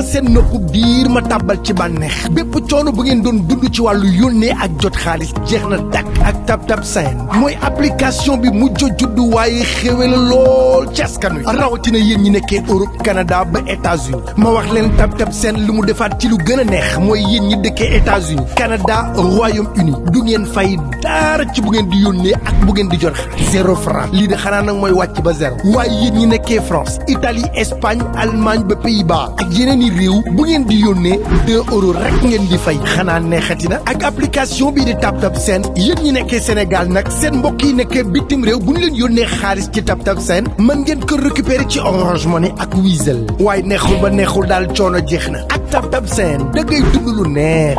ma seen noppu biir ma tàbbal ci bànneex bépp coono bu ngeen doon dund ci wàllu yónnee ak jot xaalis jeex na dakk ak Tab Tab Send mooy application bi mu mujj juddu waaye xéwe la lool ci askan wi rawatina yéen ñi nekkee Europe Canada ba États-Unis ma wax leen Tab Tab Send li mu defaat ci lu gën a neex mooy yéen ñi dëkkee États-Unis Canada Royaume-Uni du ngeen fay dara ci bu ngeen di yónnee ak bu ngeen di jot xaalis zéro franc lii di xanaa nag mooy wàcc ba zéro waaye yéen ñi nekkee France Italie Espagne Allemagne ba biir réew bu ngeen di yónnee 2 euros rek ngeen di fay xanaa neexati na ak application bii di TapTap Send yéen ñi nekkee Sénégal nag seen mbokk yi nekkee bitim réew bu ñu leen yónnee xaalis ci TapTap Send man ngeen kër récupérer ci Orange ni ak Wizall waaye neexul ba neexul daal coono jeex na ak TapTap Send da ngay dund lu neex.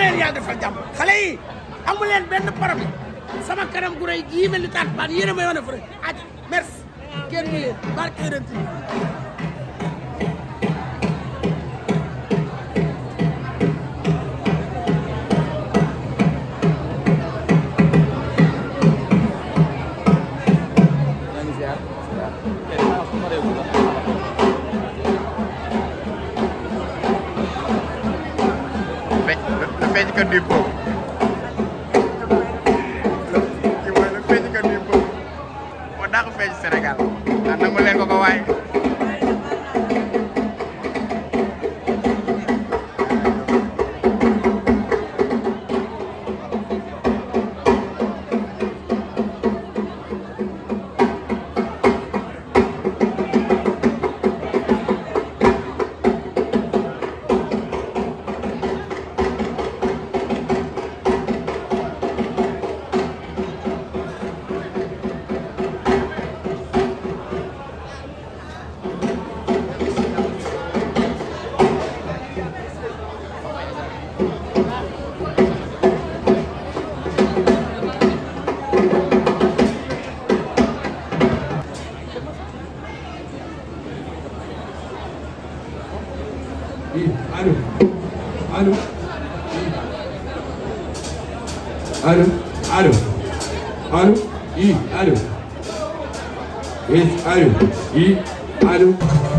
leen yàlla defal jàmm xale yi amu leen benn problème sama kanam gu rëy gii mel ni taat baan yéen a may wane fa rek aj merci kenn du leen barke feeñ Sénégal ndax nangu leen ko ko waaye. allo allo allo i allo i allo i allo